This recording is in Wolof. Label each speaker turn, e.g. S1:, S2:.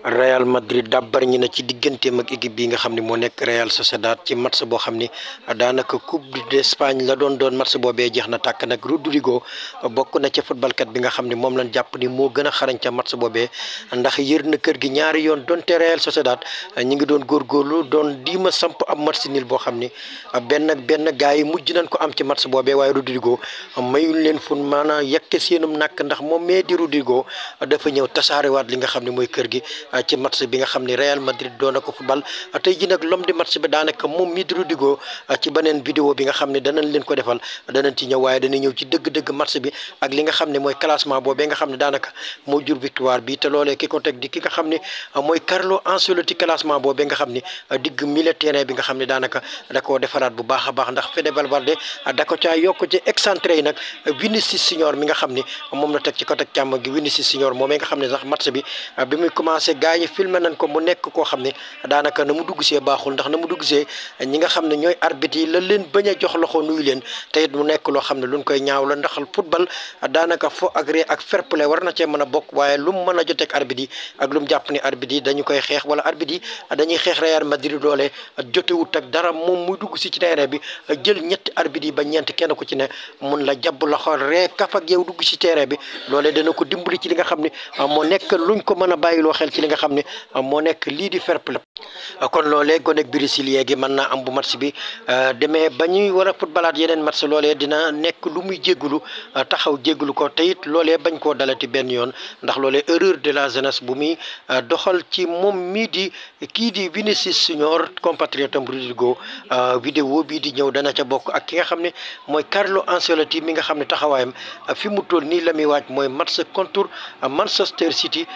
S1: Real Madrid dàbbar ñi na ci digganteem ak équipe bi nga xam ne moo nekk Real Sociedad ci match boo xam ni daanaka coupe d'Espagne la doon doon match boobee jeex na tàkk nag Rodrigo bokk na ca footballkat bi nga xam ne moom lañ jàpp ni moo gën a xarañ ca match boobee ndax yër na kër gi ñaari yoon donte Real Sociedad ñu ngi doon góor góorgóorlu doon diima samp ab match nil boo xam ni benn benn gars yi mujj nañ ko am ci match boobee waaye Rodrigo mayul leen fun maanaam yekke seenum nàkk ndax moom mee di dafa ñëw tasaarewaat li nga xam ne mooy kër gi ci match bi nga xam ni Real Madrid doon na ko football tey ji nag l'homme du match bi daanaka moom mii di Rodrigo ci beneen vidéo bi nga xam ne danañ mooy classement boobee nga xam ne daanaka mooy Carlo Ancelotti classement nga xam ni daanaka da koo defaraat bu baax a baax ndax Fede Valverde da ko caa yokk ci excentré yi nag Vinicius Junior mi nga xam ni moom la teg ci côté càmm gi Vinicius Junior moomee nga xam ne sax match bi bi muy commencé see gars yi nañ ko mu nekk koo xam ne daanaka na mu dugg see baaxul ndax na mu dugg see ñi nga xam ne ñooy arbitre yi la leen bañ a jox loxo nuyu leen te it mu nekk loo xam ne luñ koy ñaaw la ndax football daanaka fo agré ak fair play war na cee mën a bokk waaye lu mu mën a joteeg arbitre yi ak lu mu jàpp ne arbitre yi dañu koy xeex wala arbitre yi dañuy xeex Real Madrid doole jotewut ak dara moom muy dugg si ci terrain bi jël ñetti arbitre yi ba ñeent kenn ku ci ne mun la jàpp loxo ree kaf ak yow si terrain bi loolee ko dimbali li nga xam ne a bàyyiloo xel ci li nga xam ne moo nekk lii di fair play kon loolee gone Brésil léegi mën naa am bu match bi euh, demee ba ñuy war a footballaat yeneen match loolee dina nekk lu muy jéggulu euh, taxaw jéggulu ko te it loolee bañ koo dalati benn yoon ndax loole erreur de la jeunesse bu muy euh, doxal ci moom mii di kii di Vinicius Junior compatriote am Rodrigo vidéo bii di ñëw dana ca bokk ak ki nga xam ne mooy Carlo Ancelotti mi nga xam ne taxawaayam fi mu toll nii la muy waaj mooy match contre Manchester City